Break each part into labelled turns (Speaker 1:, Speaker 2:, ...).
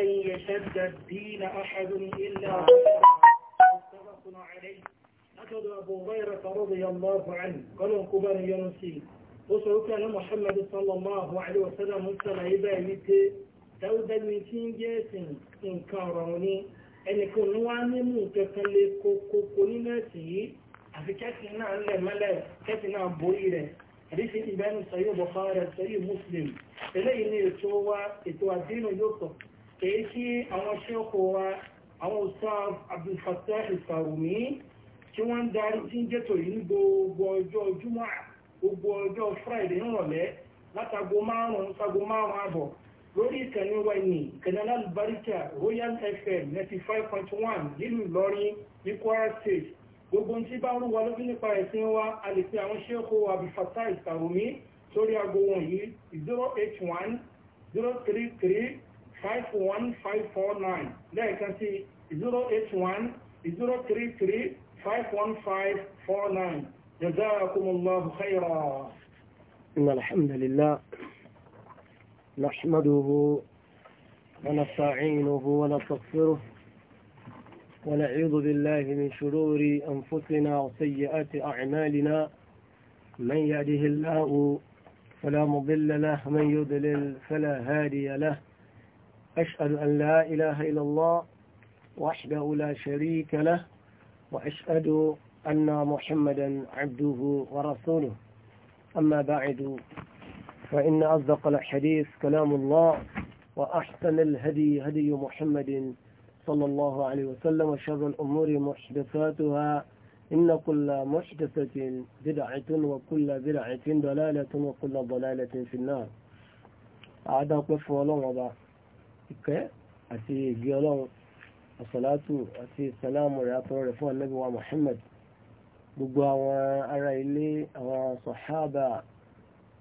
Speaker 1: أن يشد الدين أحد إلا متفق عليه أكد أبو هريرة رضي الله عنه قال كبار يونسي وصلوا كان محمد صلى الله عليه وسلم وصل إذا يمت تود المتين جيس انكاروني أن يكون نواني متكلف كوكوني ناسي أفي كاتنا أن الملا كاتنا بويرة حديث إبان سيد بخاري سيد مسلم إليه نيرتوا إتوا دين يوسف kìí sí àwọn ṣẹ́kọ̀ wa àwọn Ustaz Abdul Fattah Al-Sarumi tí wọ́n ń darí tí ń jẹ́tò yìí gbogbo ọjọ́ júmọ́ gbogbo ọjọ́ Friday nírọ̀lẹ́ látago márùn-ún sago márùn-ún àbọ̀ lórí ìkànnì wa ní ìkànnì alábàríkà Royal FM ninety five point one nílùú Ìlọrin ní Kwara State gbogbo tí bá ń wà lójú nípa ẹ̀sìn wa a lè pe àwọn ṣẹ́kọ̀ Abdul Fattah sórí aago wọ̀nyí zero eight one zero three three 51549 لا sí 081 033 51549 جزاكم الله خيرا
Speaker 2: إن الحمد لله نحمده ونستعينه ونستغفره ونعوذ بالله من شرور أنفسنا وسيئات أعمالنا من يهده الله فلا مضل له من يضلل فلا هادي له أشهد أن لا إله إلا الله وحده لا شريك له وأشهد أن محمدا عبده ورسوله أما بعد فإن أصدق الحديث كلام الله وأحسن الهدي هدي محمد صلى الله عليه وسلم وشر الأمور محدثاتها إن كل محدثة بدعة وكل بدعة ضلالة وكل ضلالة في النار أعدى قف ولغبا ìkẹ́ àti ìgbé ọlọ́run àsàlátù àti ìsàlámù rẹ̀ àtọ̀rọ̀ rẹ̀ fún anábì wa Muhammad gbogbo àwọn ará ilé àwọn sọ̀hábà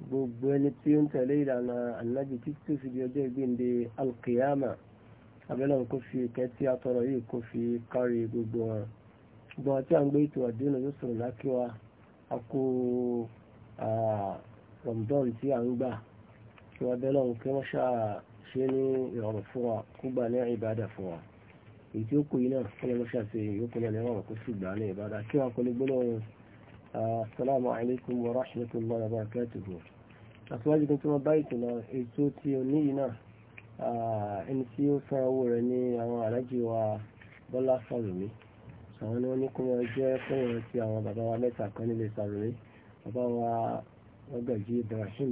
Speaker 2: gbogbo ẹni tí ó ń tẹ̀lé ìlànà anábì títí fi di ọjọ́ ìgbéǹde alkiyama abẹ́lẹ̀ kó fi ìkẹ́ tí a tọrọ yìí kó fi kárí gbogbo wọn gbọ́n tí a ń gbé ètò àdínà yóò sọ̀rọ̀ lákíwá a kó Ramadan tí a ń gbà kí wọ́n bẹ́lẹ̀ kí wọ́n ṣáà ṣe ní ìrọ̀rùn fún wa kó gbà ní ìbádà fún wa èyí tí ó kù yìí náà fún ẹlọ́ṣà ṣe ìyókù náà lẹ́wọ̀n kó sì gbà ní ìbádà kí wọn kò ní gbóná ohun asalaamu alaykum wa rahmatulahi wa barakatuhu àtiwájú kí wọ́n bá ìtìlọ ètò tí o ní yìí náà ẹni tí ó san owó rẹ̀ ní àwọn alájì wa bọ́lá sàrùmí àwọn ni wọ́n ní kó wọn jẹ́ fún wọn ti àwọn bàbá wa mẹ́ta kan nílé sàrùmí bàbá wa ọgbẹ̀jì ibrahim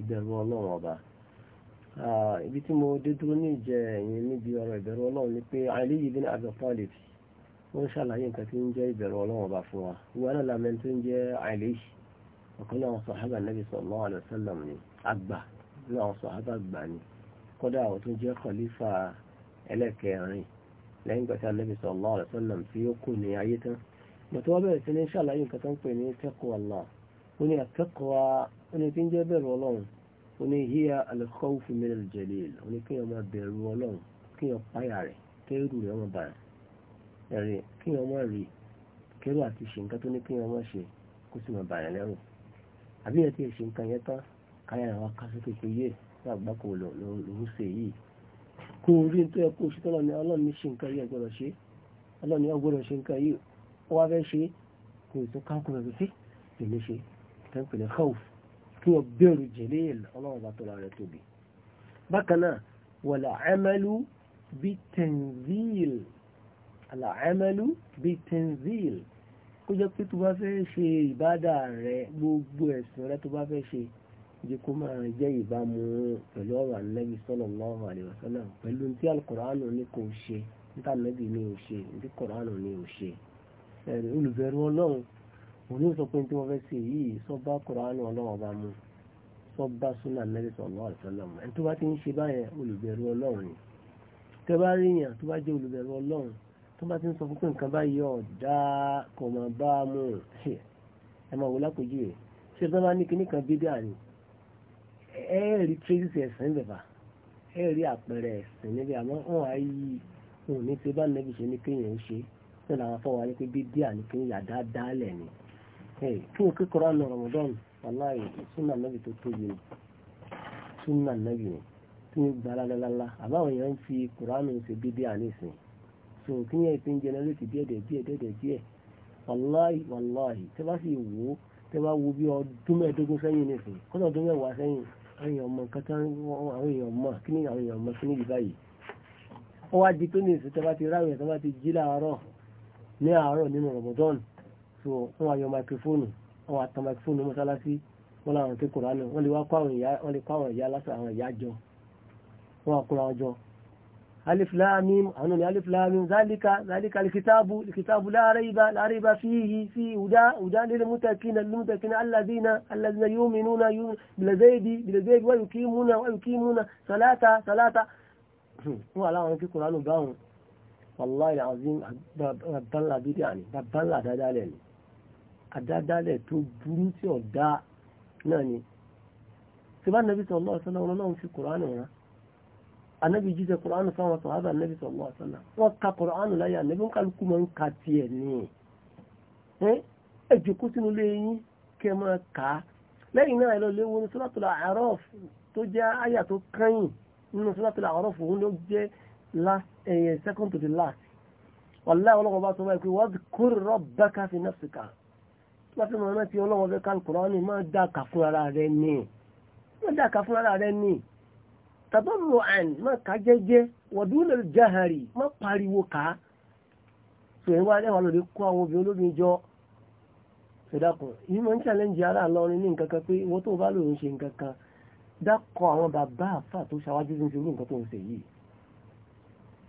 Speaker 2: ìbẹ̀rù ọlọ́run ọba ibi tí mo dé dúró ní ìjẹ ẹ̀yìn níbi ọ̀rọ̀ ìbẹ̀rù ọlọ́run ni pé Ali ibn Abi Talib ó ń ṣàlàyé nǹkan tí ń jẹ́ ìbẹ̀rù ọlọ́run ọba fún wa ìwà náà lámẹ́ tó ń jẹ́ Ali ọ̀kan náà sọ̀hábà Nabi sallallahu alaihi wasallam ni àgbà ní àwọn sọ̀hábà gbà ni kódà àwọn tó jẹ́ khalifa ẹlẹ́kẹrin lẹ́yìn gbàtà Nabi sallallahu alaihi wasallam tí ó kù ní ayé tán bàtà wọ́n bẹ̀rẹ̀ sí ní ṣàlàyé nǹkan tó ń pè ní taqwa Allah ó ní àtẹ́kọ̀ọ́ ẹni tí ń jẹ́ bẹ̀rù ọlọ́run ó ní hiya al-khawfu min al-jalil ó ní kéèyàn máa bẹ̀rù ọlọ́run kéèyàn páyà rẹ̀ kẹ́rù rẹ̀ wọ́n bàrẹ̀ ẹ̀rẹ̀ kéèyàn máa rí kẹ́rù àti ṣe nǹkan tó ní kéèyàn máa ṣe kó sì máa bàrẹ̀ lẹ́rù àbí ẹ̀ tí ẹ̀ ṣe nǹkan yẹn tán káyà rẹ̀ wá kásí kékeré yé fún àgbákò lòún ṣe yìí kó orí tó yẹ kó ṣe tọ́lọ́ kí wọ́n bẹ̀rù jẹ̀lé ọlọ́run bá tọ́ra rẹ̀ tóbi bákan náà wala amalu bitenzil ala amalu bitenzil kó jẹ́ pé tó bá fẹ́ ṣe ìbádà rẹ gbogbo ẹ̀sìn rẹ tó bá fẹ́ ṣe jẹ́ kó máa jẹ́ ìbámu pẹ̀lú ọ̀rọ̀ ànábì sallallahu alaihi wasallam pẹ̀lú tí alukọ̀ránù ní kò ṣe níta ànábì ní ò ṣe ní kọ̀ránù ní ò ṣe olùbẹ̀rù ọlọ́run òun yóò sọ pé tí wọ́n fẹ́ ṣe yìí sọ́ba kùránù ọlọ́run bá mú sọ́ba súnà mẹ́rìsì ọlọ́run àtọ́lọ́mù ẹni tó bá ti ń ṣe báyẹn olùbẹ̀rù ọlọ́run ni tẹ́ bá rí yàn tó bá jẹ́ olùbẹ̀rù ọlọ́run tó bá ti ń sọ fún pé nǹkan báyìí ọ̀dà kò mà bá a mú ẹ máa wò lápèjú rẹ̀ ṣé tó bá ní kinní kan bídà ni ẹ rí tírẹ́sì ẹ̀sìn bẹ̀fà ẹ rí àpẹẹrẹ ẹ̀sìn níbi àmọ́ wọn á yí òun ní ti bá nẹ́bí ṣe ní kéèyàn ṣe náà làwọn afọwọ́ ayé pé bídà ni kéèyàn dáadáa lẹ̀ ni. Hey, n kíkọ́ra ní Ramadan wàláyé súnà nàbì tó tóbi ni súnà nàbì ni tí n gbà lálálálá àbáwọn èèyàn ń fi kùránù ṣe bíbí àníṣin so kí yẹn ti ń jẹnẹrétì díẹ̀díẹ̀ díẹ̀díẹ̀ díẹ̀ wàláyé wàláyé tẹ́ bá sì wò ó tẹ́ bá wo bí ọdún mẹ́ẹ̀ẹ́dógún sẹ́yìn nìsín kọ́tọ̀ ọdún mẹ́wàá sẹ́yìn àwọn èèyàn mọ̀ nǹkan tán àwọn èèyàn mọ̀ kí ni àwọn èèyàn mọ̀ sí níbi báyìí ó wá di pé ní ìsìn tẹ́ bá ti ráwìn tẹ́ bá ti jí láàárọ̀ ní àárọ̀ nínú Ramadan so wọ́n wá yọ máikrófóònù wọ́n wá tan máikrófóònù mọ́sálásí wọ́n láwọn ké kòránù wọ́n lè wá kó àwọn ìyá wọ́n lè kó àwọn lásán àwọn ìyá jọ wọ́n wá kóra wọn jọ. alif lam mim àwọn ní alif lam Zalika, zálíkà zálíkà likitabu likitabu la rayba la rayba fihi fi huda huda lil mutakina lil mutakina alladhina alladhina yu'minuna bilghaybi bilghaybi wa yuqimuna wa yuqimuna salata salata wọ́n wá láwọn ké kòránù báwọn wàlláhi azim bàbá ńlá bídíà ni bàbá ńlá dáadáa lẹ́nu àdádálẹ̀ tó burú tí ọ̀dá náà ni tí bá nàbí sọ̀lọ́ ọ̀sánà wọn náà ń fi kùránù rán anábì jíjẹ kùránù fáwọn sọ̀hábà nàbí sọ̀lọ́ ọ̀sánà wọ́n ka kùránù láyà nàbí ń kálukú máa ń ka tiẹ̀ ní ẹ jókòó sínú ilé yín kẹ́ máa kà á lẹ́yìn náà lọ léwu ní suratul A'raf tó jẹ́ àyà tó kẹ́yìn nínú suratul A'raf òun ló jẹ́ second to the last wàlláhi ọlọ́kọ̀ bá sọ wáyé pé wadhkur rabbaka fi láti mọ̀ rántí ọlọ́wọ́ fẹ́ kálukùrọ́ ni máa dáka fún ara rẹ ni máa dáka fún ara rẹ ni tàbí ọ̀rọ̀ àn máa ka jẹ́jẹ́ wọ̀dún lè jáhàrì máa pariwo ká sòyìn wá lẹ́wọ̀n lòdì kó àwọn obìnrin olóbìn jọ sọdọ́kùn yìí máa ń challenge ara lọrin ní nǹkan kan pé ìwọ́n tó bá lòun ṣe nǹkan kan dákọ̀ àwọn bàbá àfà tó ṣáwájú ní irú nǹkan tó ń ṣe yìí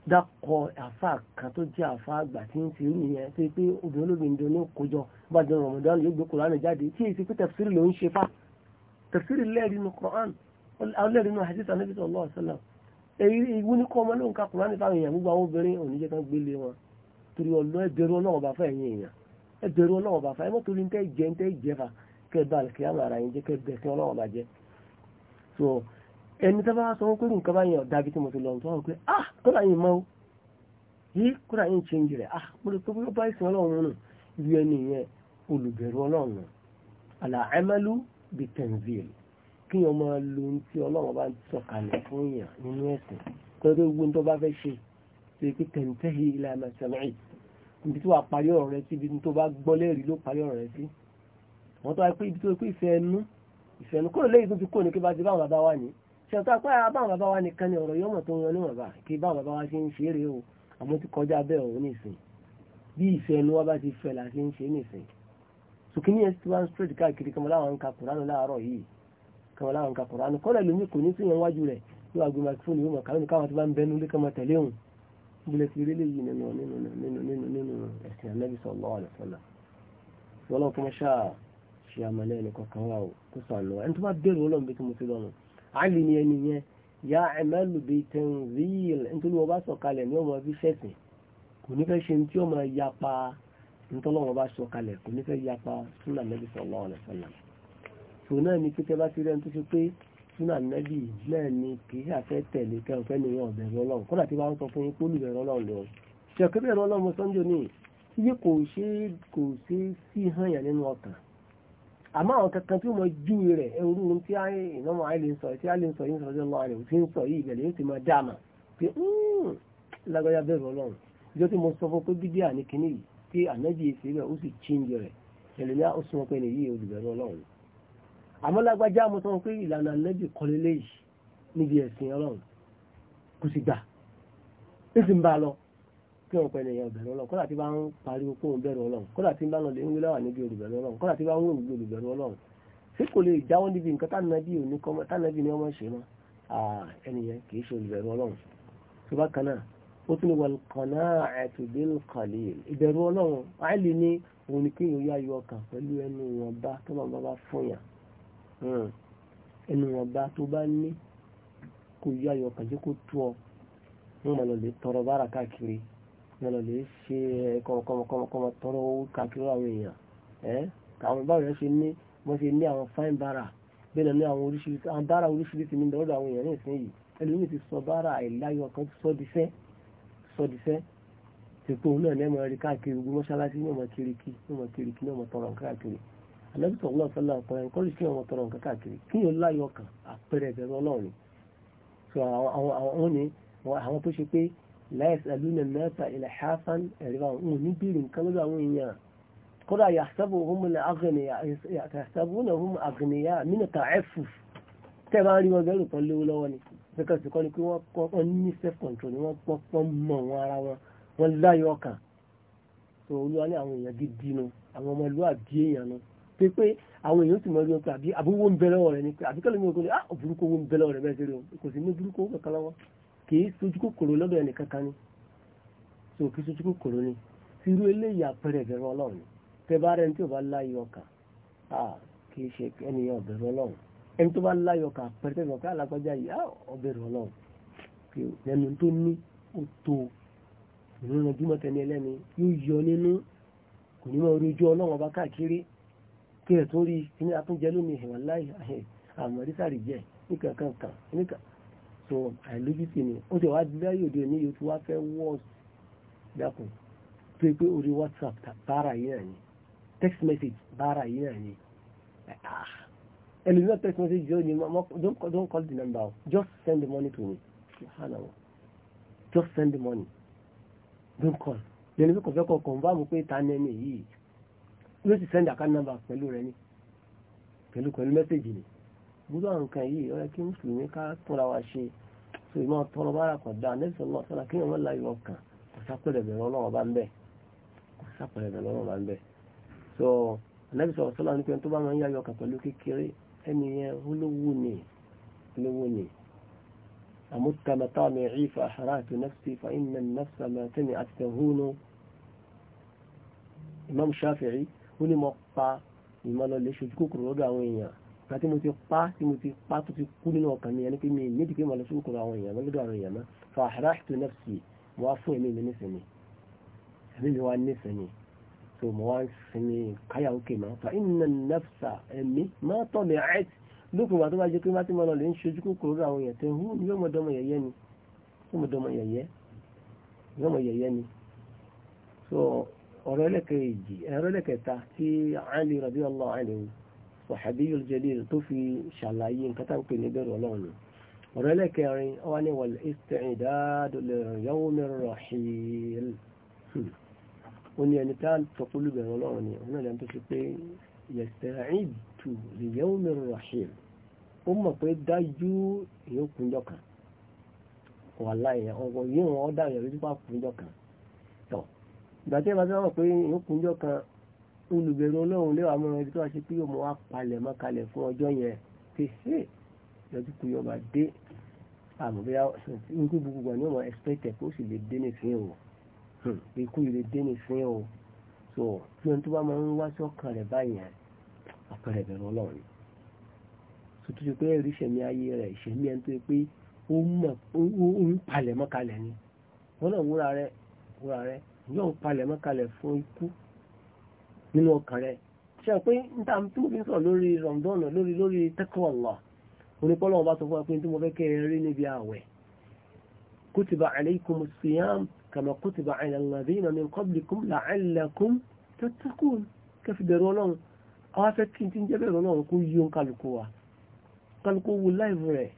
Speaker 2: dákọ̀ àfà kan tó jẹ́ àfà àgbà tí ń tirú yẹn tó yẹ pé obìnrin olóbìnrin dùn ní kójọ bá jẹun rọmọdán yóò gbé kùránì jáde tí èyí ti pé tẹ̀fsírì ló ń ṣe fá tẹ̀fsírì lẹ́ẹ̀rí nu kùránì hadith anabi sallallahu alaihi wasallam èyí ìwú ní kọ́ ọmọ ló ń ka kùránì fáwọn èèyàn gbogbo àwọn obìnrin oníjẹ́ kan gbélé wọn torí ọlọ́ ẹbẹ̀rù ọlọ́wọ́ bá fẹ́ ẹ̀yìn èèyàn ẹbẹ̀rù ọlọ́wọ́ bá fẹ́ ẹ mọ́ torí ń tẹ́ jẹ́ fa so ẹni tó bá sọ wọn pé nǹkan bá yẹn tí mo ti lọ tó wọn pé ah kódà yìí mọ́ yìí kódà yìí ṣe ń jìrẹ̀ ah mo lè kókó bá ìsìn ọlọ́run nù ibi ẹni yẹn olùbẹ̀rù ọlọ́run àlà ẹmẹ́lú bí tẹ̀ǹvìl kí yẹn máa lo ohun tí ọlọ́run bá ń sọ̀kalẹ̀ fún yàn nínú ẹ̀sìn kó tó gbóhun tó bá fẹ́ ṣe tó yẹ pé tẹ̀ǹtẹ̀hì ilẹ̀ àmàṣẹ́mẹ́rì ibi tí wàá parí ọ̀rọ̀ ìfẹ́ ẹnu kúrò lẹ́yìn tó ti kó ní kí bá ti báwọn bàbá wà ní ṣètò apá abáwọn bàbá wa nìkan ni ọ̀rọ̀ yọmọ tó ń yan níwọ̀n bá kí báwọn bàbá wa ṣe ń ṣe é rèé o àmọ́ ti kọjá bẹ́ẹ̀ òun nìsín bí ìfẹ́ ẹnu wa bá ti fẹ́ la ṣe ń ṣe é nìsín sùkínní ẹ̀ ti wá ń straight káàkiri kí wọn láwọn ń ka kùránù láàárọ̀ yìí kí wọn láwọn ń ka kùránù kọ́lẹ̀ lómi kò ní síyan wájú rẹ̀ yóò wá gbé microphone yóò mọ̀ sallallahu alaihi wasallam wọ́n lọ́wọ́ kọ́mọ́ṣáà ṣe àmàlẹ́ ẹnì kọ̀ọ̀kan wà ó àlì ni ẹni yẹn yá ẹ̀mẹ́lù bíi tẹ̀ǹzíìl nítorí wọ́n bá sọ̀kalẹ̀ ní ọmọ bí sẹ̀sìn kò ní fẹ́ ṣe ní tí ọmọ yapa nítorí wọ́n bá sọ̀kalẹ̀ kò ní fẹ́ yapa súnà nẹ́bí sallallahu alaihi wasallam tòun náà ni pété bá ti rẹ́ni tó ṣe pé súnà nẹ́bí náà ni kì í ṣàfẹ́ tẹ̀lé kẹ́hìnfẹ́ nìyẹn ọ̀bẹ̀rẹ̀ wọ́n sọ fún àmọ́ àwọn kankan tí wọ́n jú rẹ̀ ẹrú ohun tí ìnáwó àìlè ń sọ tí àìlè ń sọ yìí ń sọ ọjọ́ lọ́wọ́ rẹ̀ tí ń sọ yìí ìbẹ̀lẹ̀ yóò ti máa dáàmà pé hmm, lágbájá bẹ̀rù ọlọ́run ìjọ tí mo sọ fún pé bíbí àní kìíní yìí pé ànájì èsì rẹ̀ ó sì chíńjẹ rẹ̀ ẹlẹ́ni ó sún ọpẹ́ ní yìí olùbẹ̀rù ọlọ́run àmọ́ lágbájá mo sọ pé ìlànà ànájì kọlélé yìí níbi ẹ̀sìn ọlọ́run kò sì gbà ó sì ń bá a lọ kí wọn pẹ̀lú ẹ̀yàn bẹ̀rù ọlọ́run kọ́lá tí bá ń pariwo kó ń bẹ̀rù ọlọ́run kọ́lá tí bá ń lọlé ńlẹ́ wà níbi olùbẹ̀rù ọlọ́run kọ́lá tí bá ń wò níbi ṣé kò lè jáwọ́ níbi nǹkan tánàbí òní kọ́mọ tánàbí ni ọmọ ṣe mọ́ ẹnìyẹn kì í ṣe olùbẹ̀rù ọlọ́run tó bá kan náà ó tún ní wal qana'atu bil qalil ìbẹ̀rù ọlọ́run àìlè ní òun ni kéèyàn yá yọ ọkàn pẹ̀lú ẹnu wọn bá tó máa bá bá fún yàn hmm. ẹnu wọn bá tó bá ní wọn lọ lè ṣe kọmọkọmọ tọrọ owó káàkiri àwọn èèyàn ẹ àwọn báwo yẹn ṣe ní wọn ṣe ní àwọn fáìn bára bẹ́ẹ̀ náà ní àwọn oríṣiríṣi àwọn bára oríṣiríṣi ní ìdánwò àwọn èèyàn ní ìsìn yìí ẹlòmíì ti sọ bára àìláyọ̀ kan sọdíṣẹ sọdíṣẹ tìpó náà ní ẹmọ rí káàkiri gbogbo mọ́ṣáláṣí ní ọmọ kiriki ní ọmọ kiriki ní ọmọ tọrọ káàkiri anábìtọ̀ náà fẹ́ náà pẹ́ẹ́n kọ́lù sí ọmọ tọrọ káàkiri kí yóò láyọ̀ kan àpẹẹrẹ ìbẹ̀rẹ̀ ọlọ́run so àwọn ni àwọn tó ṣe pé láyẹ̀sàlúnà mẹ́ta ilẹ̀ hasan ẹ̀rọ òun ní bèèrè nǹkan lọ́dọ̀ àwọn èèyàn kódà yàtàbù ohun àgbìnìyà mínúta ẹ̀fù tẹ́ bá ń rí wọn bẹ̀rù kan léwu lọ́wọ́ ni because kọ́ ni pé wọ́n kọ́ ní self control ni wọ́n pọ́pọ́ mọ̀ wọn ara wọn wọ́n láyọ̀ ọkàn tó olúwa ní àwọn èèyàn gidi nu àwọn ọmọ ìlú àbí èèyàn nu pé pé àwọn èèyàn ti mọ̀ rí pé àbí owó ń bẹ lọ́wọ́ rẹ ni pé àbí kẹ́lẹ́ ni ah burúkú owó ń bẹ lọ́wọ́ rẹ bẹ́ẹ̀ ṣe rí kò sí ní burúkú owó kankan lọ́wọ́ kìí sojú kòkòrò lọ́dọ̀ ẹnì kankan ni so kìí sojú kòkòrò ni ti irú eléyìí àpẹẹrẹ ìbẹ̀rù ọlọ́run tẹ́bá rẹ̀ tí ò bá láyé ọkà kìí ṣe ẹnìyàn ọ̀bẹ̀rù ọlọ́run ẹni tó bá láyé ọkà àpẹẹrẹ tẹ́bá ọkà alágbájá yìí ọ̀bẹ̀rù ọlọ́run ẹnu tó ní ó tó ìrìnà jùmọ̀ tẹni ẹlẹ́ni yóò yọ nínú kò ní mọ̀ orí ọlọ́run ọba káàkiri kí ẹ̀ tó rí kíní atúnjẹ lómi ìhìnwá láì àmọ̀rísàrí so àìlójútì ni ó ti wá láyé òde òní yóò ti wá fẹ́ wọ́ọ̀sì dákun tó yẹ pé orí whatsapp bára yìí náà ni text message bára yìí náà ni ah. ẹlòmíràn text message yóò ní don't call the number just send the money to me just send the money don't call yẹn ní kò fẹ́ kọ̀ confirm pé ta ni ẹni yìí yóò ti send account number pẹ̀lú rẹ ni pẹ̀lú pẹ̀lú message ni gbogbo àwọn nǹkan yìí ọ̀rẹ́ kí mùsùlùmí ká túnra wa ṣe tó ìmọ̀ tọrọ bára kan dá nẹ́sẹ̀ náà sọ́la kí wọ́n láyé wọn kàn Imam Shafi'i ó ní mo pa ìmọ̀lọ́lẹ̀ ṣojú kòkòrò lọ́dọ̀ àwọn èèyàn àti mo ti pa tí mo ti pa tó ti kú nínú ọkàn mi ẹni pé mi nídìí pé mo lọ sókò àwọn èèyàn mọ́ lọ́dọ̀ àwọn èèyàn mọ́ fa harahtu nafsi mo wá fún ẹ̀mí mi nísìnyí ẹ̀mí mi wá nísìnyí so mo wá ń sinmi káyà òkè mọ́ fa inna nafsa ẹ̀mí má tọ́ mi ẹ̀t lókun wà tó bá jẹ́ pé má ti mọ́ lọ lè ń ṣojú kòkòrò àwọn èèyàn tẹ̀ hú ni yóò mọ dọ́mọ Wahabiyul Jalil tó fi ṣàlàyé nǹkan tá ń pè ní bẹ̀rù ọlọ́run ọ̀rọ̀ ẹlẹ́kẹrin ọwá ní wal isti'dadu li yawmir rahil hmm. ó ní ẹni tá tọpọlù bẹ̀rù ọlọ́run ni ọ̀nà ìlànà tó ṣe pé yasta'idu li yawmir rahil ó mọ̀ pé dájú olùbẹ̀rù ọlọ́run lẹ́wà mọ́ra ibi tó wá ṣe pé yóò mọ́ wá palẹ̀ mọ́ kalẹ̀ fún ọjọ́ yẹn pèsè lọ́jọ́ kù yọba dé àmọ́ bí ikú gbogbo ni ọmọ ẹ̀sìpẹ̀tẹ̀ kó sì lè dé nìfín o hmm, ikú yìí lè dé nìfín o so tí wọn tó bá máa ń wá sí ọkàn rẹ̀ báyìí àpẹẹrẹ ìbẹ̀rù ọlọ́run tuntun ti pé ẹ̀rí ìṣẹ̀mí ayé rẹ̀ ìṣẹ̀mí ẹni tó yẹ pé ó ń palẹ̀ mọ́ kalẹ̀ ni wọ́n náà wúra rẹ̀ wúra rẹ̀ yóò palẹ̀ mọ́ kalẹ̀ fún ikú nínú ọkàn rẹ̀ ṣe pé n ta tí mo fi ń sọ̀rọ̀ lórí Ramadan lórí lórí taqwa Allah onípọ́lọ́ ọba sọ fún wa pé tí mo fẹ́ kẹ́ ẹ rí níbi ààwẹ̀ kutiba alaykum as-siyam kama kutiba ala alladhina min qablikum la'allakum tattaqun kẹfì bẹ̀rù ọlọ́run àwọn afẹ́ kí n ti ń jẹ́ bẹ̀rù ọlọ́run kó yí òun kálukú wa kálukú wo láìvù rẹ̀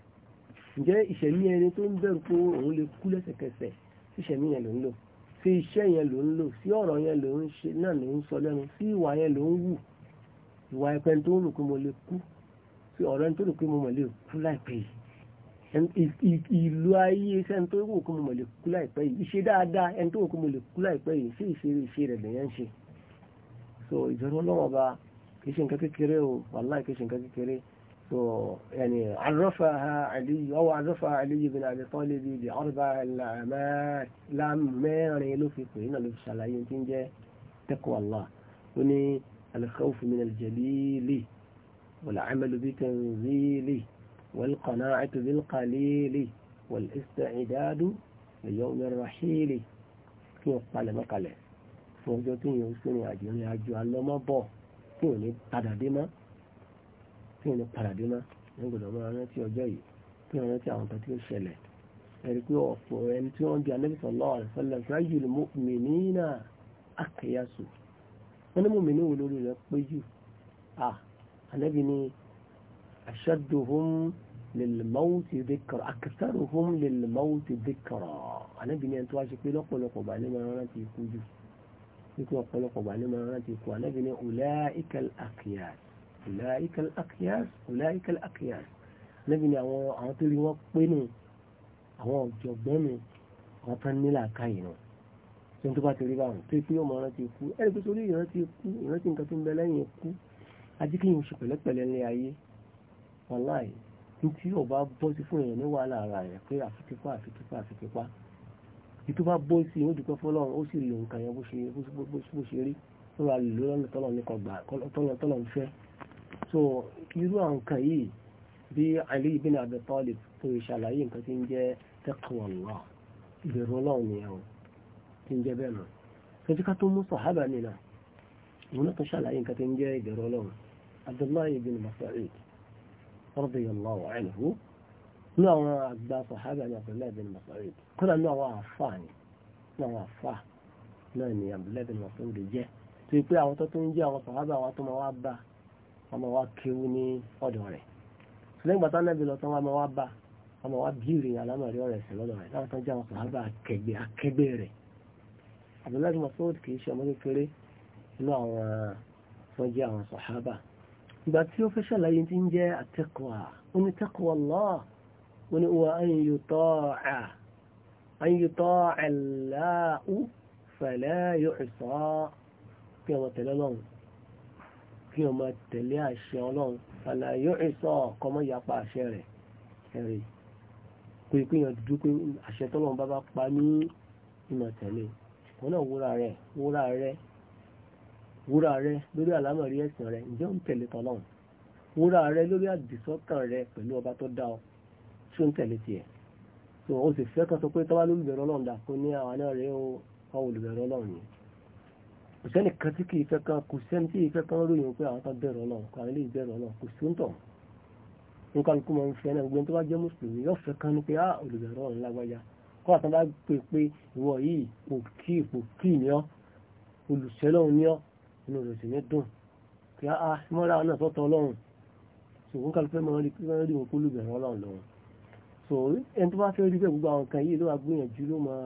Speaker 2: ǹjẹ́ ìṣẹ̀mí ẹni tó ń bẹ̀rù pé òun lè kú lẹ́sẹ̀kẹsẹ̀ ìṣẹ̀mí yẹn ló ń lò sí iṣẹ́ yẹn ló ń lò sí ọ̀rọ̀ yẹn ló ń ṣe náà ló ń sọ lẹ́nu sí ìwà yẹn ló ń wù ìwà ẹ̀pẹ́ tó rò pé mo lè kú sí ọ̀rọ̀ ẹni tó rò pé mo mọ̀ lè kú láìpẹ́ yìí ìlú ayé iṣẹ́ ẹni tó rò pé mo mọ̀ lè kú láìpẹ́ yìí ìṣe dáadáa ẹni tó rò pé mo lè kú láìpẹ́ yìí sí ìṣeré ìṣe rẹ̀ lèyẹn ń ṣe so ìjọba ọlọ́wọ́ ba kì ṣe nǹkan kékeré o wàláì kì ṣe nǹkan kékeré يعني عرفها علي أو عرفها علي بن أبي طالب بأربع العلامات لما يلفق هنا للشلعين تنجى تقوى الله وني الخوف من الجليل والعمل بتنزيله والقناعة بالقليل والاستعداد ليوم الرحيل kí wọ́n ما mọ́kalẹ̀ فوجتين ọjọ́ tí yẹn ń sún ní àjò ní àjò tí wọn padà dé náà wọn gbọ́dọ̀ máa rántí ọjọ́ yìí tí wọn rántí àwọn kan tí ó ṣẹlẹ̀ ẹni pé ọ̀pọ̀ ẹni tí wọ́n bí Ànábì sallallahu alaihi wasallam rajul mu'minina akyasu wọn ní mọ̀mìnì wo lórí rẹ̀ pé jù à Ànábì ni ashadduhum lil mawti dhikra aktharuhum lil mawti dhikra Ànábì ni ẹni tó wá ṣe pé lọ́pọ̀lọpọ̀ bá ní máa rántí ikú jù pé ọ̀pọ̀lọpọ̀ bá ní máa rántí ikú Ànábì ni ulaika al-akhiyas ulaika al-aqyas ulaika al-aqyas níbi ni àwọn àwọn tó rí wọn pé nù àwọn ọ̀jọ̀gbọ́n nù àwọn tán nílà káyìí nù tí wọn tó bá ti rí báwọn tó pé ọmọ ọ̀rán ti kú ẹni pé sórí ìrántí kú ìrántí nǹkan tó ń bẹ lẹ́yìn kú adékèyàn oṣù pẹ̀lẹ́pẹ̀lẹ́ ní ayé wàláì tí ọba bọ́ sí fún èèyàn ní wàhálà ara rẹ̀ pé àfitípá àfitípá àfitípá tí tó bá bọ́ sí ó dùpẹ́ fọlọ́run ó sì lò nǹkan yẹn bó ṣe rí bó ṣe rí lọ́nà tọ́lọ̀ so irú àwọn kan yìí bí Ali ibn Abi Talib tó ìṣàlàyé nǹkan tí ń jẹ́ taqwallah ìbẹ̀rù ọlọ́run nìyẹn o tí ń jẹ́ bẹ́ẹ̀ nù sojú ká tó mú sàhábà nìyẹn òun náà tó ṣàlàyé nǹkan tí ń jẹ́ ìbẹ̀rù ọlọ́run Abdullahi ibn Mas'ud radiyallahu anhu ní àwọn àgbà sàhábà ní Abdullahi ibn Mas'ud kódà ní àwọn àfáà ní àwọn náà ọmọ wa kéwú ní ọ̀dọ̀ rẹ̀ lẹ́yìn gbàtà náà bí lọ tán wá máa wá bá ọmọ wa bíìrì alámọ̀rí ọ̀rẹ́ ẹ̀sìn lọ́dọ̀ rẹ̀ láwọn tán jẹ́ àwọn sàábà akẹgbẹ́ akẹgbẹ́ rẹ̀ Abdullahi Masoud kì í ṣe ọmọ kékeré inú àwọn tó jẹ́ àwọn sàábà ìgbà tí ó fẹ́ ṣàlàyé ti ń jẹ́ àtẹ́kọ̀ọ́ ó ní tẹ́kọ̀ọ́ Allah ó ní wà an yuta'a an yuta'a Allahu fala ọmọ tẹ̀lé lọ́run kí ọmọ tẹ̀lé àṣẹ ọlọ́run àlàyé ìsọ ọkọmọ yapa àṣẹ rẹ̀ ẹ̀rẹ̀ pé pé yàn dúdú pé àṣẹ tọ́lọ́run bá bá pa ní ìmọ̀ tẹ̀lé wọn náà wúra rẹ̀ wúra rẹ̀ wúra rẹ̀ lórí àlámọ̀rí ẹ̀sìn rẹ̀ ǹjẹ́ ń tẹ̀lé tọ́lọ́run wúra rẹ̀ lórí àdìsọ́kàn rẹ̀ pẹ̀lú ọba tó dá ọ tí ó ń tẹ̀lé tiẹ̀ tó o sì fẹ́ kan sọ pé tọ́wá lólùbẹ̀rẹ̀ ọlọ́run dà kó ní àwọn náà rẹ̀ ó olùbẹ̀rẹ̀ ọlọ́run yìí kò sẹ́ni kan tí kìí kankan kò sẹ́ni tí kìí kankan ròyìn pé àwọn kan bẹ̀rù ọlọ́run kò àwọn eléyìí bẹ̀rù ọlọ́run kò sí ń tọ̀ nǹkan kó máa ń fẹ́ náà gbogbo tó bá jẹ́ mùsùlùmí yóò fẹ́ kan ní pé ah olùbẹ̀rù ọ̀run lágbájá kó àtàn bá pè pé ìwọ yìí kò kí kò kí ni ọ́ olùsẹ́lọ́run ni ọ́ inú rẹ̀ sì ní dùn pé ah mọ́ra náà sọ́tọ̀ ọlọ́run ṣùgbọ́n kálí máa rí rí wọn kó olùbẹ̀rù ọlọ́run so ẹni tó bá fẹ́ rí bẹ́ẹ̀ gbogbo àwọn kan yìí ló wà gbìyànjú ló máa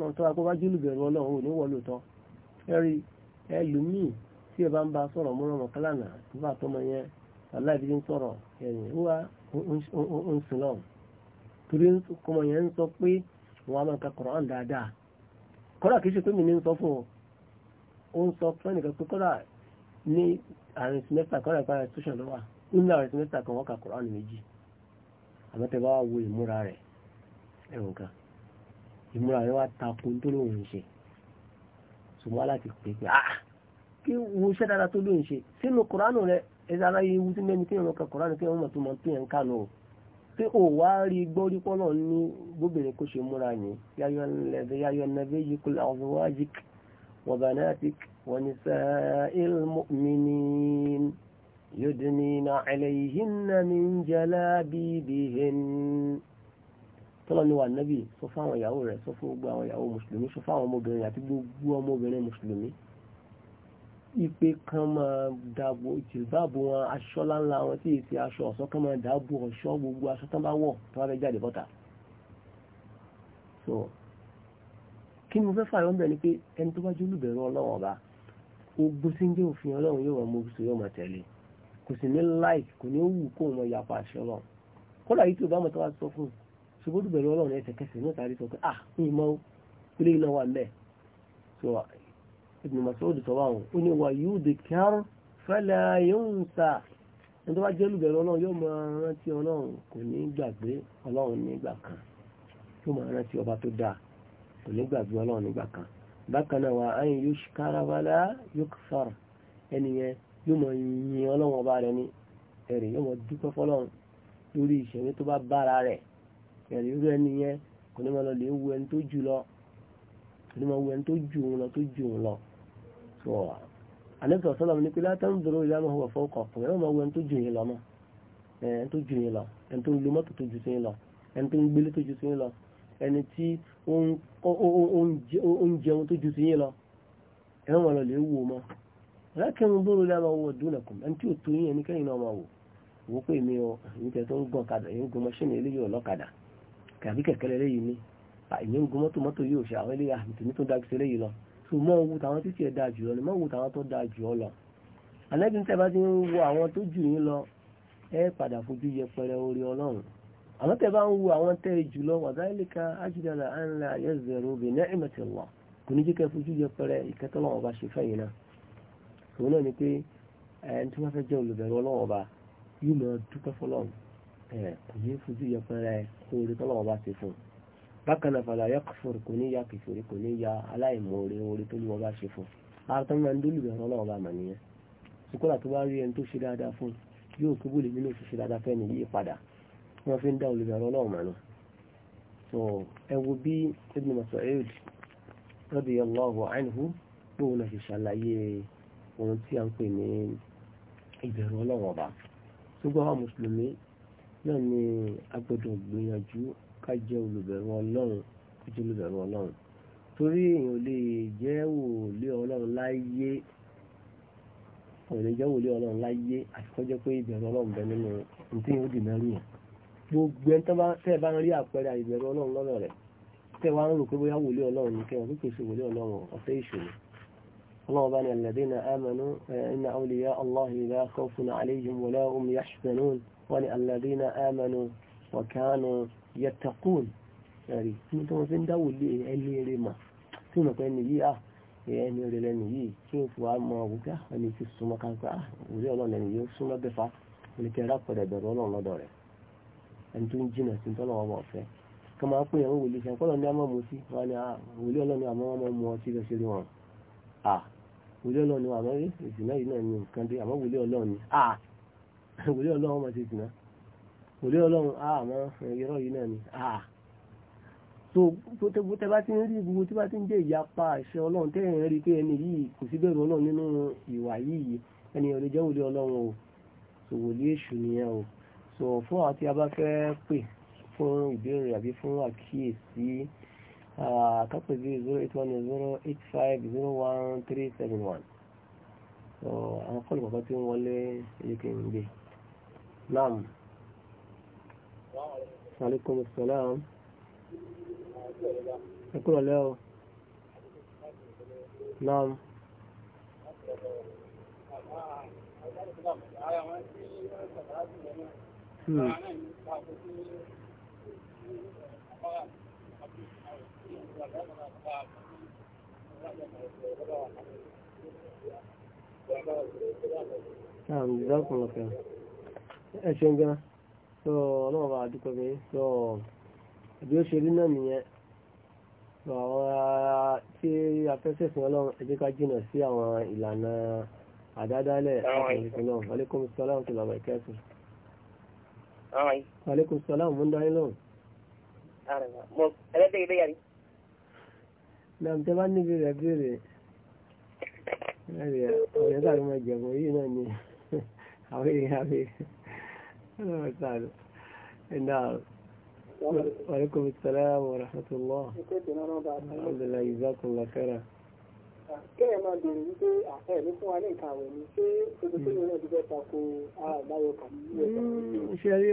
Speaker 2: wọn tó akọ́ bá jùlù bẹ̀rù ọlọ́run ò ní wọ́n lóòótọ́ ẹ̀rí ẹlòmíì tí ẹ bá ń ba sọ̀rọ̀ mọ́rọ̀ kálánà nígbà tó mọ yẹn aláìbí ń sọ̀rọ̀ ẹ̀yìn wá ń sìn lọ torí kọmọ yẹn ń sọ pé wọn a máa ka Kùránì dáadáa kọ́dà kìí ṣe pé mi ọ ń sọ fún ẹnìkan pé kọ́dà ní sinẹ́tà kọ́dà sinẹ́tà kan ka Kùránì méjì àmọ́tẹ́ bá wá wo ìmúra rẹ̀ ìmúra rẹ̀ wá tako tó lóun ń ṣe ṣùgbọ́n láti pè pé ah kí wo iṣẹ́ dáadáa tó lóun ṣe sínú kùránù rẹ̀ ẹ̀dá aláyé ewu tí mẹ́ni kí ìrànlọ́kà kùránù kí wọ́n mọ̀ tó mọ̀ tó yẹn ń kánú o pé ò wá rí gbọ́ rí pọ́nà ní gbóbìnrin kó ṣe múra yìí yáyọ lẹ́bẹ̀ yáyọ lẹ́bẹ̀ yìí kó lọ́wọ́ fi wá jìk wọ́n bá náà ti wọ́n ní sẹ́ẹ̀l mọ́mìnì yóò dín ní náà ẹlẹ́yìn náà ní jẹ́lá bíbí hẹ́n tọ́lọ́ ni wà nẹ́bì sọ fáwọn ìyàwó rẹ̀ sọ fún gbogbo àwọn ìyàwó mùsùlùmí sọ fáwọn ọmọbìnrin àti gbogbo ọmọbìnrin mùsùlùmí ipe kan máa dàbò ìtìlbàbò wọn aṣọ láńlá wọn tí èsì aṣọ ọ̀ṣọ́ kan máa dàbò ọ̀ṣọ́ gbogbo aṣọ tán bá wọ̀ tó bá fẹ́ jáde bọ́ta so kí ni mo fẹ́ fàyọ́ bẹ̀ ni pé ẹni tó bá jẹ́ olùbẹ̀rù ọlọ́wọ̀n ọba ogun tí ń jẹ́ òfin ọlọ́run yóò wọ́n mú oṣù yóò mọ̀ tẹ̀lé kò sì ní láìk kò ní wù kó wọn yapa àṣẹ ọlọ́run kódà yìí tí o bá mọ̀ tó wá sọ fún un ṣùgbọ́n bẹ̀rù ọlọ́run ẹsẹ̀kẹsẹ̀ náà tàbí sọ pé à ní ìmọ̀ ilé iná wà mẹ́ẹ̀ tó wà Ibn Mas'ud sọ wà wọn ó ní wà yóò dé kẹrù fẹ́lẹ̀ yóò ń ta ẹni tó bá jẹ́ olùbẹ̀rù ọlọ́run yóò máa rántí ọlọ́run kò ní gbàgbé ọlọ́run nígbà kan yóò máa rántí ọba tó dáa kò ní gbàgbé ọlọ́run nígbà kan bákan náà wà áyìn yóò ṣe kárabalá yóò sọ̀rọ̀ ẹnìyẹn yóò máa yin ọlọ́run ọba rẹ ní ẹ̀rẹ̀ yóò máa dúpẹ́ fọlọ́run lórí ìṣẹ̀mí tó bá bára rẹ̀ ẹ̀rí irú ẹni yẹn kò ní máa lọ lè wu ẹni tó jù lọ kò ní máa wu ẹni tó jù òun lọ tó jù òun lọ. sọ àlejò sọlọ mi ni pé látàn dúró ìyá máa wọ fọwọ́ kọ̀ ọ̀pọ̀ máa wu ẹni tó jù yín lọ mọ́ ẹni tó jù yín lọ ẹni tó ń lo mọ́tò tó jù sí yín lọ ẹni tó ń gbélé tó jù sí yín lọ ẹni tí ó ń jẹun tó jù sí yín lọ ẹni wọn lọ lè wù ọ mọ́ lákẹ́rin dúró ìyá máa wọ dúnàkùn ẹni tí ò kàbí kẹ̀kẹ́ lẹ́yìn ni àìní ń gun mọ́tò mọ́tò yóò ṣe àwọn eléyà tèmi tó dájú sí eléyìí lọ tó mọ́ owó tàwọn títí ẹ̀ dáa jù ọ ni mọ́ owó tàwọn tó dáa jù ọ lọ. àlẹ́bí ń tẹ́bá ti ń wo àwọn tó jù yín lọ ẹ padà fojú yẹpẹrẹ orí ọlọ́run àwọn tẹ́ bá ń wo àwọn tẹ́ jù lọ wàdáìlíkà ájídàlà ànlá ayẹ́zẹ̀rọ bìnẹ́ ìmọ̀tẹ̀wà kò ní jẹ́ fojú yẹpẹrẹ ìkẹ́tọ́lọ́wọ́n kò ní fojú yẹpẹrẹ kó orí tọ́lọ́wọ́ bá ṣe fún un bákan náà fàlà yaqfur kò ní ya kìfòrí kò ní ya aláìmoore orí tó lùwọ́ bá ṣe fún un ara tó máa ń dólù bẹ̀rẹ̀ ọlọ́wọ́ bá mà nìyẹn sùkúrà tó bá rí ẹni tó ṣe dáadáa fún yóò kó bóòlù nínú òṣìṣẹ́ dáadáa fẹ́ ni yí padà wọ́n fi ń dá olùbẹ̀rẹ̀ ọlọ́wọ́ mà nù. ẹ wo bí Ibn Mas'ud radiyallahu anhu bóun náà ṣe ṣàlàyé ohun tí a ń náà ni agbọdọ gbìyànjú ká jẹ olùbẹ̀rù ọlọ́run kó jẹ́ olùbẹ̀rù ọlọ́run torí èèyàn lè jẹ́ wòlé ọlọ́run láyé òun lè jẹ́ ọlọ́run láyé àti kó pé ìbẹ̀rù ọlọ́run bẹ nínú yẹn gbogbo ẹni bá ń rí àpẹẹrẹ ọlọ́run lọ́dọ̀ wá ń rò pé bóyá ìṣòro الذين wọ́n ní alladhina amanu wa kanu yattaqun ẹ̀rí ní tí wọ́n fi ń dáwò lé ẹni eré mà tí wọ́n pẹ́ ní yìí à ẹni eré lẹ́nu yìí tí wọ́n fi wá mọ òkúta ẹni tí súnmọ́ káńpẹ́ à òrí ọlọ́run lẹ́nu yìí ó súnmọ́ bẹ́fà oníkẹ́ rápẹ̀rẹ̀ bẹ̀rù ọlọ́run lọ́dọ̀ rẹ̀ ẹni tó ń jìnà sí tọ́lọ́ wọn ọ̀fẹ́ kí wọ́n pè ẹ̀wọ̀n wòlíì sẹ́yìn kọ́lọ́ ní àmọ́ mu sí wọn ni wòlíì ọlọ́run àmọ́ wọn mú ọtí lọ sí wọn à wòlíì ọlọ́run àmọ́ ìsìn náà yìí náà ní nǹkan dé àmọ́ wòlíì ọlọ́run à wòlé ọlọ́run máa ṣe jìnnà wòlé ọlọ́run àmọ́ ìrọ̀ yìí náà ni so tó tẹ bá ti ń rí gbogbo tí bá ti ń jẹ́ ìyapa àṣẹ ọlọ́run tẹ́yìn rí pé ẹni yìí kò sí bẹ̀rù ọlọ́run nínú ìwà yìí ẹni ọ̀rẹ́ jẹ́ wòlé ọlọ́run o so wòlé èṣù nìyẹn o so fún àwọn tí a bá fẹ́ pè fún ìbéèrè àbí fún àkíyèsí àkápẹ̀ bíi zero eight one zero eight five zero one three seven one so àwọn kọ́lù kọ̀ọ̀kan tí ń wọlé ẹ̀yẹ́kẹ́ ń gbé. نعم عليكم السلام شكرا له نعم. نعم نعم جزاكم الله خير ẹ ṣeun gan tó ọlọ́run bá dúpẹ́ pé tó ẹbí ó ṣe rí náà nìyẹn tó àwọn tí afẹ́fẹ́ fún ọlọ́run ẹ jẹ́ ká jìnnà sí àwọn ìlànà àdádálẹ̀ ọlọ́run aleykum salaam tó làwọn ìkẹ́sùn. aleykum salaam mo ń dání lóhùn.
Speaker 3: ẹlẹ́dẹ̀ẹ́ ibẹ̀ yàrá.
Speaker 2: nàìjíríà bá níbi rẹ̀ béèrè ẹ̀rẹ̀ ọ̀rẹ́dàrúmọ̀ ìjẹ̀bù yìí náà ni àwọn èèyàn rẹ̀. السلام، وعليكم السلام ورحمة الله الحمد لله جزاكم الله خيرا kẹ́rẹ̀ máa
Speaker 3: bèèrè wípé àfẹ́ mi fún wa ní nǹkan àwẹ̀ ni ṣé gbogbo tó yẹn ti fẹ́ tako ara ìdáyọ kan
Speaker 2: ṣẹ́rí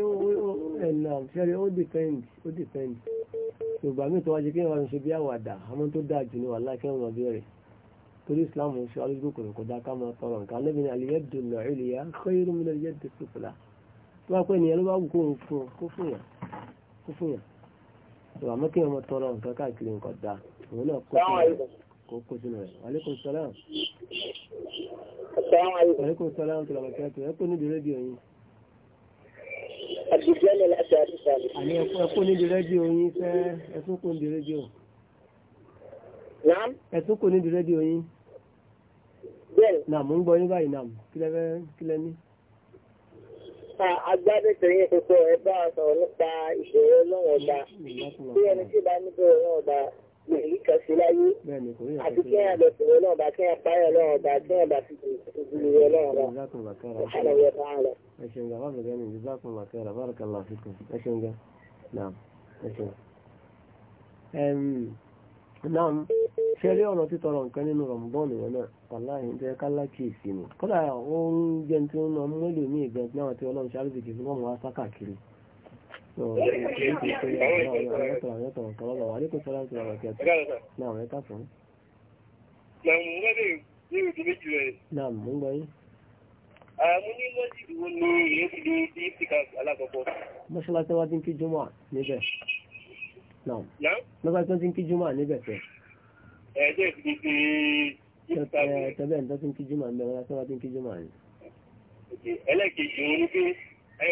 Speaker 2: ó dìpẹ́ǹdì ó dìpẹ́ǹdì yorùbá mi tó wá ṣe kí wọ́n ṣe bí àwàdà àmọ́ tó dáa jù ní wà láì kẹ́rùn wọn bẹ̀rẹ̀ torí islam ń ṣe alójú kòrò ká máa tọrọ nǹkan alẹ́bìnrin àlìyẹ́dùn náà ìlú yá kọ́ irú mi náà yẹ́dùn sùpùlà tó bá pẹ́ ni ẹlú bá wù kó fún kó fún yàn kó fún yàn tó àmọ́ kí ọmọ tọrọ nǹkan káàkiri nǹkan dá òun náà kó sínú rẹ̀ kó kó sínú rẹ̀ alaikum salaam alaikum salaam tó lọ́mọ kẹ́kẹ́ ẹ kó níbi rédíò yín.
Speaker 3: àní ẹ kó níbi
Speaker 2: rédíò yín fẹ́ ẹ tún kó níbi rédíò. ẹ tún kó níbi rédíò yín. bẹ́ẹ̀ ni. nà mò ń gbọ́ yín báyìí nà kí lẹ́ ní
Speaker 3: nípa agbádẹ́tẹ̀yìn kókó ẹ bá sọ̀rọ̀ nípa ìṣòro ọlọ́run ọba tí ẹni tí bá níbẹ̀ ọlọ́run ọba lèyí kan sí láyé àti kí ẹ̀yà bẹ̀rẹ̀ sọ̀rọ̀ ọlọ́run ọba kí ẹ̀yà parí ọlọ́run ọba kí ẹ̀yà bá fi ìdúró ọlọ́run
Speaker 2: ọba. ẹ̀ṣẹ̀ ń gbà bàbá gani ìdílákùn làkàrà báràkà làfikún ẹ̀ṣẹ̀ ń gbà náà ẹ̀ṣẹ̀ ń gbà. náà ṣe rí ọ̀nà títọrọ nǹkan nínú rọ̀mùbọ́ọ̀nù yẹn náà wàláhìn tó yẹ ká lákìsì ni kódà ó ń jẹ́ tí wọ́n máa mú ẹlòmíì gan tí àwọn tí ọlọ́run ṣáàlùbì kì í fún ọmọ wa sá káàkiri. Nàmú ń gbọ́ yín. Mo
Speaker 3: ní mọ́sídìí wo ni èyí ti di ti ìsìkà alákọ̀ọ́kọ́?
Speaker 2: Mọ́ṣáláṣí wá ti ń kí Júmọ̀ níbẹ̀. Nàmú. Mọ́ṣáláṣí wá ti ń kí Júmọ̀ níbẹ̀ fẹ́.
Speaker 3: Ẹ̀ẹ́dẹ́ ti di ti
Speaker 2: tẹ́bẹ̀ ń tọ́sí ń kíjú màá ń bẹ̀rẹ̀ lásán wá tí ń kíjú màá ní.
Speaker 3: ẹlẹ́kejì òun ni pé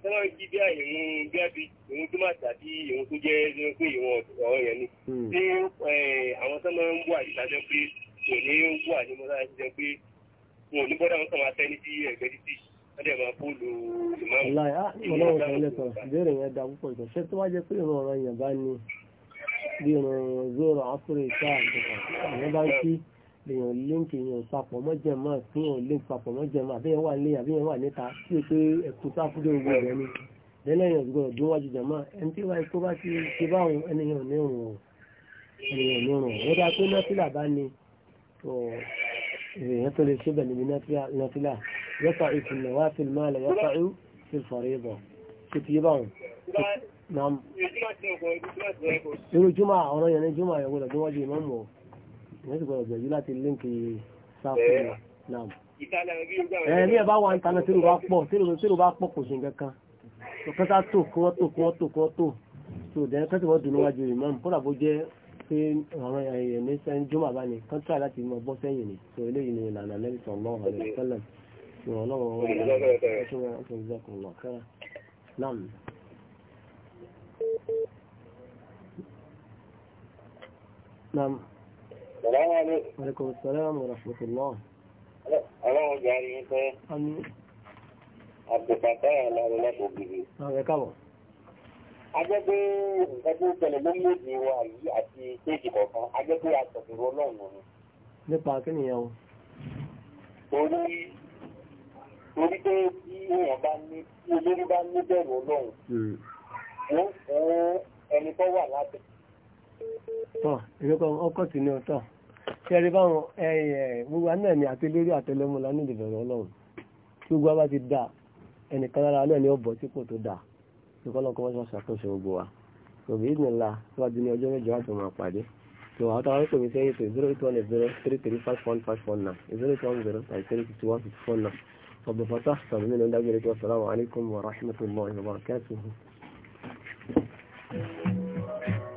Speaker 3: sọ́wọ́n jí bí àyẹ̀wò bí àbí òun tó máa tàbí òun tó jẹ́ ẹni pé ìwọ̀n ọ̀rọ̀ yẹn ni. Hmm. ṣé àwọn sọ́mọ ń wà níta jẹ́ pé kò ní wà ní mọ́tà jẹ́ pé wọn ò ní bọ́dà wọn kàn máa fẹ́ ní sí ẹ̀gbẹ́ títì ọ̀dẹ̀ máa bóòlù ìmáàmù. Ah, ọlọ́run kan
Speaker 2: lẹ́kọ̀ọ́ tó wá pé ìrọ̀ ọ̀rọ̀ yẹn bá ní bí ìrọ̀ zoro afro ìta àgbẹ̀kọ̀ ìyẹn bá ń kí lèèyàn léǹkì èèyàn papọ̀ mọ́jẹ̀mọ́ kéèyàn léǹkì papọ̀ mọ́jẹ̀mọ́ àbẹ́yẹn wà nílé àbẹ́yẹn wà níta tí o pé ẹ̀kú tá fún gbogbo rẹ̀ ni lẹ́lẹ́yìn ọ̀gbọ́n ọ̀dún wájú jàmá ẹni tí wáyé tó bá ti ṣe báwọn ènìyàn ní rùn ọ̀ ènìyàn ní rùn ọ̀ wọ́n dá pé nọ́fìlà bá ní èèyàn tó lè ṣe bẹ̀ níbi nọ́fìlà yọ́sà ìfìnà wá fi máa lẹ̀ yọ́sà ìyẹn ti gbọ́dọ̀ gbẹ̀jú láti líǹkì sáfù náà. ẹ ní ẹ bá wà ń tanà tíru bá pọ̀ tíru bá pọ̀ kò sí nǹkan kan kọ́sá tó kí wọ́n tó kí wọ́n tó kí wọ́n tó tó dẹ̀ kẹ́sì wọ́n dùnú wájú ìmọ̀ kódà bó jẹ́ pé àwọn èèyàn eh, ní sẹ́yìn jọ́mọ̀ bá ní kọ́ńtà láti mọ bọ́ sẹ́yìn ni tó eléyìí ni ìlànà lẹ́yìn tó lọ́wọ́ rẹ̀ tẹ́lẹ̀
Speaker 3: Salaam alaikum.
Speaker 2: Alaikum salaam wa rahmatullah.
Speaker 3: Ọlọ́run jẹ́ àríyìn pé. Àmín. Àbùkàtà ọ̀làrọ̀ lọ́pọ̀ gidi. Àwọn ẹ̀ka wọ̀. Ajẹ́gbé ẹgbẹ́ ìpẹ̀lẹ̀ ló méjì wa yìí àti kéèjì kọ̀ọ̀kan, ajẹ́gbé àtọ̀kùnrin ọlọ́run ni.
Speaker 2: Nípa kí nìyẹn o?
Speaker 3: Torí torí pé tí èèyàn bá ní tí olórí bá ní bẹ̀rù ọlọ́run, wọ́n fún ẹni tó wà lábẹ́. Tọ́
Speaker 2: ìrẹ́kọ̀ọ́ ọkọ̀ sí ni ọ̀tọ̀ kẹrin báwọn ẹyẹ gbogbo aná ni àtẹlérí àtẹlẹmú la nídìí bẹ̀rẹ̀ ọlọ́run tí gbogbo abá ti dà ẹnìkan lára náà ni ó bọ̀ sípò tó dà ṣùgbọ́n lọ́kọ́ wọ́n ṣe àtúnṣe gbogbo wa òbí ìdìnnìlá síwájú ní ọjọ́ mẹ́jọ àti ọmọ àpàdé tó àwọn táwọn ń pè mí sẹ́yìn tó zero eight one zero three three five one five one nine zero eight one zero thirty three fifty one fifty four nine ọ̀bùnfọ́tà sọ̀rọ̀ nínú dágbére tó sọ̀rọ̀ wa rahmatullahi wa barakatuhu.